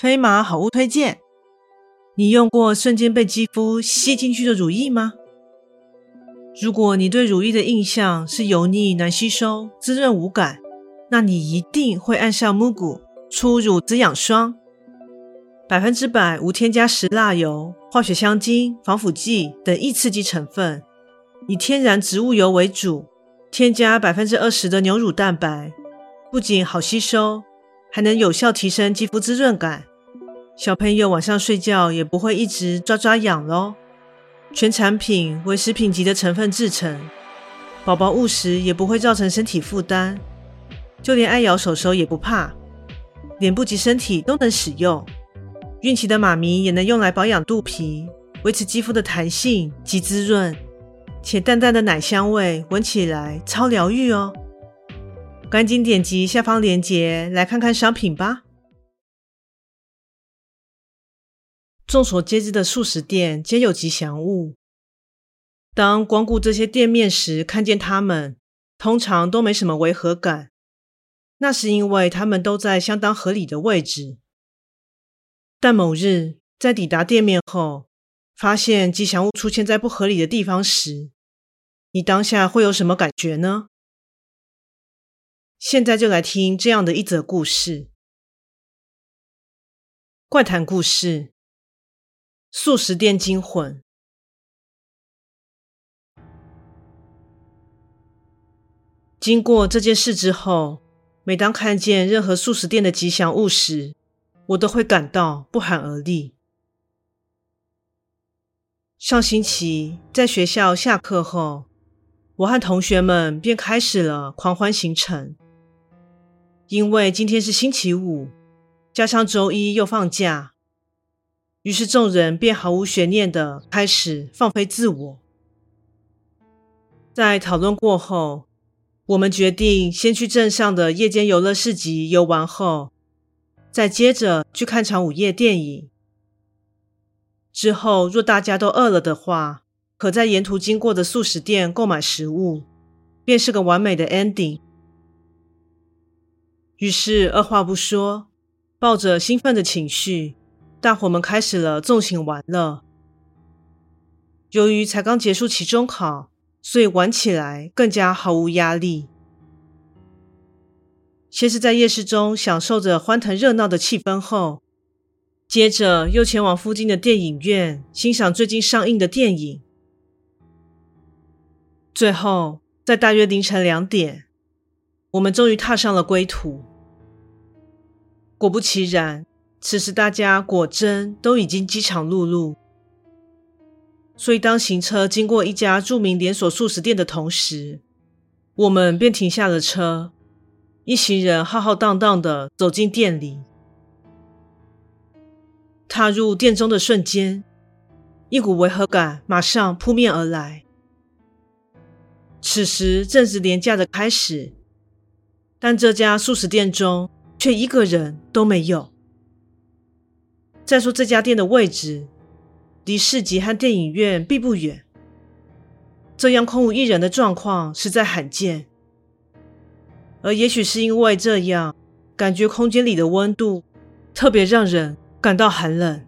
飛馬好物推薦，你用過瞬間被肌膚吸進去的乳液嗎？如果你對乳液的印象是油膩、難吸收、滋潤無感，那你一定會愛上 MooGoo 初乳滋養霜。百分之百無添加石蠟油、化學香精、防腐劑等易刺激成分，以天然植物油為主，添加百分之二十的牛乳蛋白，不僅好吸收，還能有效提升肌膚滋潤感。小朋友晚上睡覺也不會一直抓抓癢咯。全產品為食品級的成分製成，寶寶誤食也不會造成身體負擔。就連愛咬手手也不怕，臉部及身體都能使用。孕期的媽咪也能用來保養肚皮，維持肌膚的彈性及滋潤。且淡淡的奶香味，聞起來超療癒哦。趕緊點擊下方鏈接來看看商品吧。眾所皆知的速食店皆有吉祥物。當光顧這些店面時，看見他們，通常都沒什麼違和感，那是因為他們都在相當合理的位置。但某日，在抵達店面後，發現吉祥物出現在不合理的地方時，你當下會有什麼感覺呢？現在就來聽這樣的一則故事——怪談故事。速食店驚魂。經過這件事之後，每當看見任何速食店的吉祥物時，我都會感到不寒而栗。上星期在學校下課後，我和同學們便開始了狂歡行程，因為今天是星期五，加上周一又放假。於是眾人便毫無懸念地開始放飛自我。在討論過後，我們決定先去鎮上的夜間遊樂市集遊玩後，後再接着去看場午夜電影。之後若大家都餓了的話，可在沿途經過的速食店購買食物，便是個完美的 ending。於是二話不說，抱着興奮的情緒。大夥們開始了縱情玩樂。由於才剛結束期中考，所以玩起來更加毫無壓力。先是在夜市中享受着歡騰熱鬧的氣氛後，接着又前往附近的電影院欣賞最近上映的電影。最後，在大約凌晨兩點，我們終於踏上了歸途。果不其然。此時，大家果真都已經飢腸轆轆，所以當行車經過一家著名連鎖速食店的同時，我們便停下了車。一行人浩浩蕩蕩的走進店裡，踏入店中的瞬間，一股違和感馬上撲面而來。此時正值年假的開始，但這家速食店中卻一個人都沒有。再說這家店的位置，離市集和電影院並不遠。這樣空無一人的狀況實在罕見，而也許是因為這樣，感覺空間裡的溫度特別讓人感到寒冷。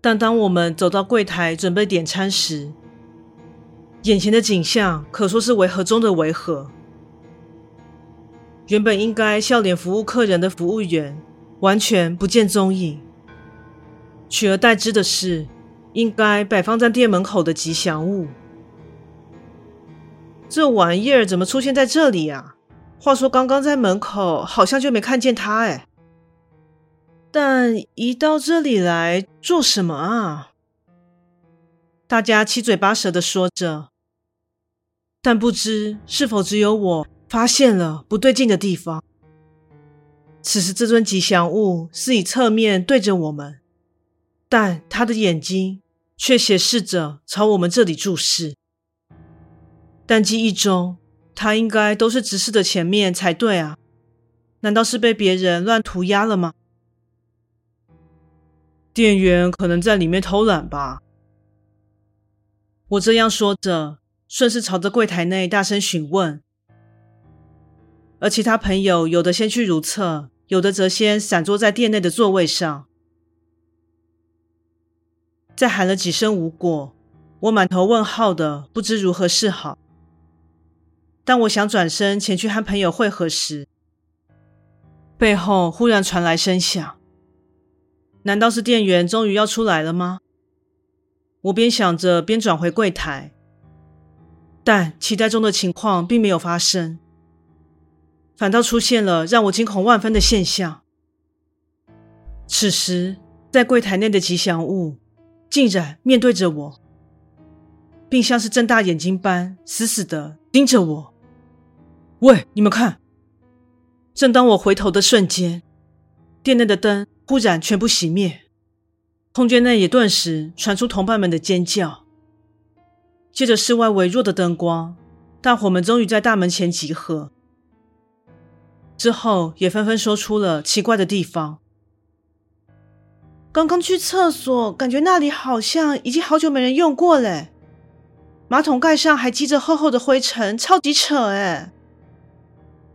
但當我們走到櫃檯準備點餐時，眼前的景象可說是違和中的違和。原本應該笑臉服務客人的服務員完全不見蹤影，取而代之的是應該擺放在店門口的吉祥物。這玩意兒怎麼出現在這裡啊？話說剛剛在門口好像就沒看見他哎，但一到這裡來做什麼啊？大家七嘴八舌的說着，但不知是否只有我發現了不對勁的地方。此時，這尊吉祥物是以側面對着我們，但他的眼睛卻斜視着朝我們這裡注視。但記憶中，他應該都是直視著前面才對啊？難道是被別人亂塗鴉了嗎？店員可能在裡面偷懶吧。我這樣說着，順勢朝着櫃台內大聲詢問。而其他朋友有的先去如廁，有的則先散坐在店內的座位上。再喊了幾聲無果，我滿頭問號的不知如何是好。當我想轉身前去和朋友會合時，背後忽然傳來聲響。難道是店員終於要出來了嗎？我邊想着邊轉回櫃台，但期待中的情況並沒有發生。反倒出現了讓我驚恐萬分的現象。此時，在櫃台內的吉祥物竟然面對着我，並像是睜大眼睛般死死的盯着我。喂，你們看！正當我回頭的瞬間，店內的燈忽然全部熄滅，空間內也頓時傳出同伴們的尖叫。借着室外微弱的燈光，大夥們終於在大門前集合。之後也紛紛說出了奇怪的地方。剛剛去廁所，感覺那裡好像已經好久沒人用過嘞。馬桶蓋上還積着厚厚的灰塵，超級扯哎！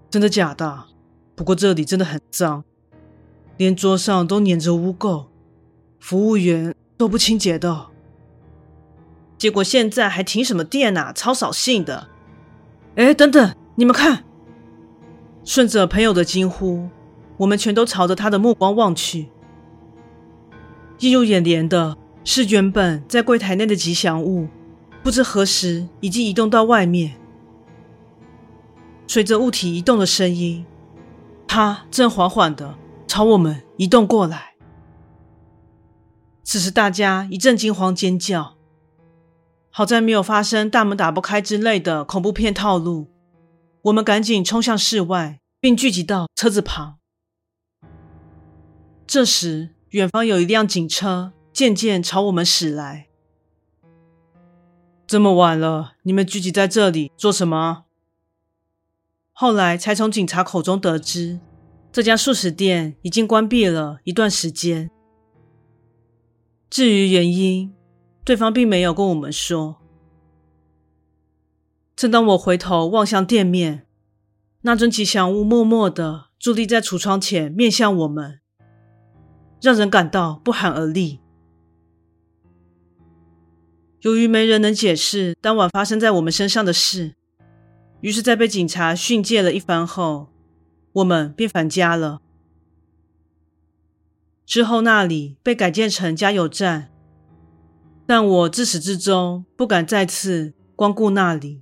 真的假的？不過這裡真的很髒，連桌上都粘着污垢，服務員都不清潔的。結果現在還停什麼電啊？超掃興的。哎，等等，你們看。順着朋友的驚呼，我們全都朝着他的目光望去。映入眼簾的是原本在櫃台內的吉祥物，不知何時已經移動到外面。隨着物體移動的聲音，他正緩緩的朝我們移動過來。此時，大家一陣驚慌尖叫。好在沒有發生大門打不開之類的恐怖片套路。我們趕緊衝向室外，並聚集到車子旁。這時，遠方有一輛警車漸漸朝我們駛來。這麼晚了，你們聚集在這裡做什麼？後來才從警察口中得知，這家速食店已經關閉了一段時間。至於原因，對方並沒有跟我們說。正當我回頭望向店面，那尊吉祥物默默的佇立在櫥窗前，面向我們，讓人感到不寒而栗。由於沒人能解釋當晚發生在我們身上的事，於是，在被警察訓誡了一番後，我們便返家了。之後，那裡被改建成加油站，但我自始至終不敢再次光顧那裡。